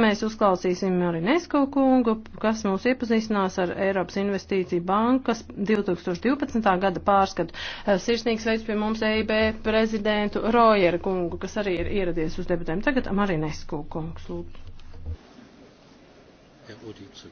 Mēs uzklausīsim arī Nesko kungu, kas mūs iepazīstinās ar Eiropas investīciju bankas 2012. gada pārskatu. Eh, sirsnīgs veids pie mums EIB prezidentu Rojeru kungu, kas arī ir ieradies uz debatēm. Tagad Marinesko kungs lūdzu.